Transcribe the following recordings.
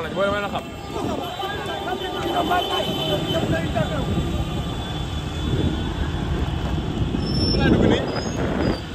international lañ boo demee na xam. laa dugg nii.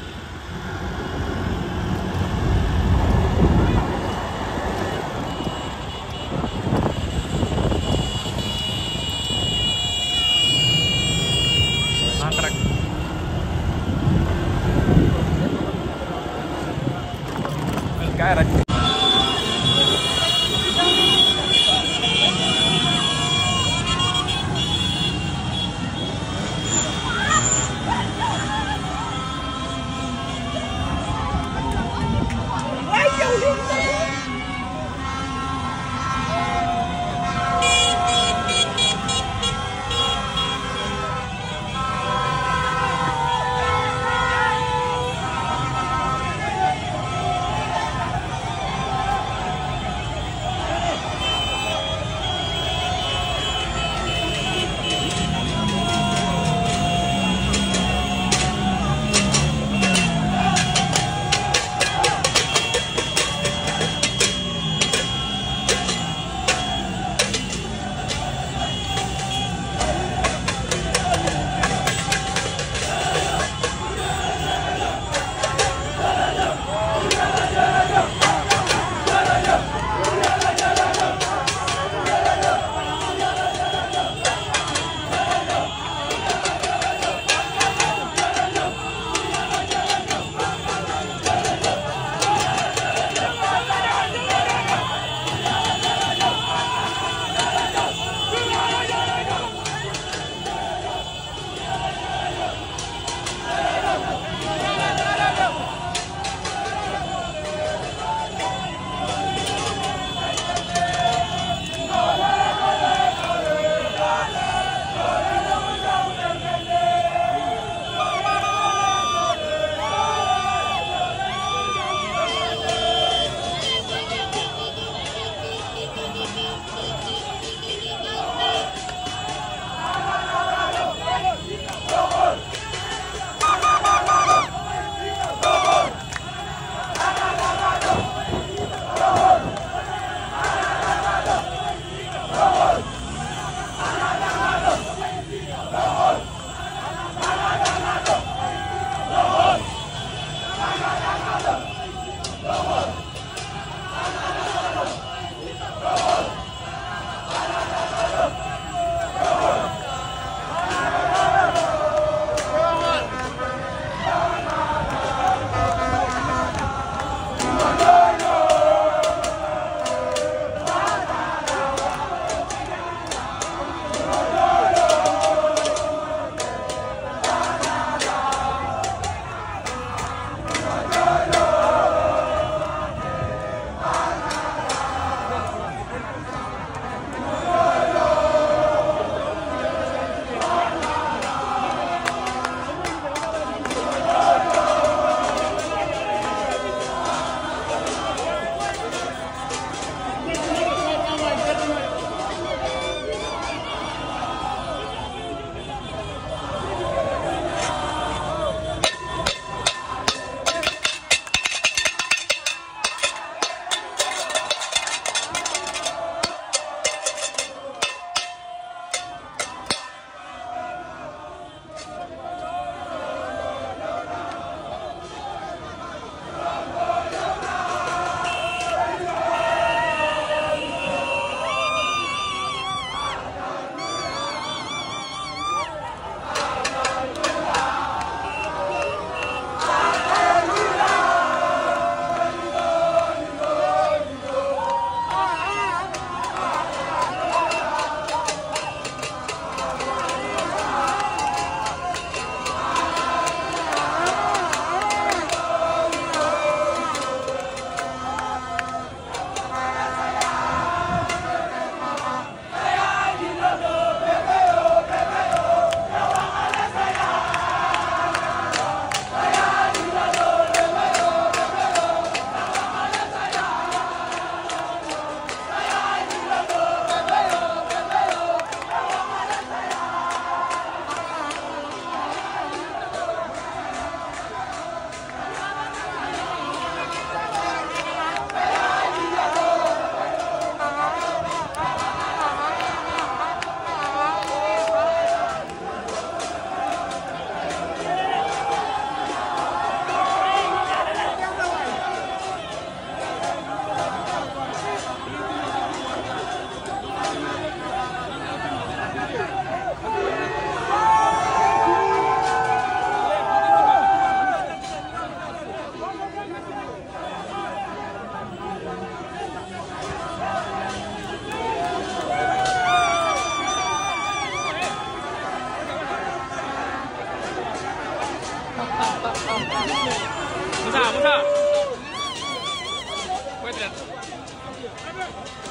Moussa Moussa.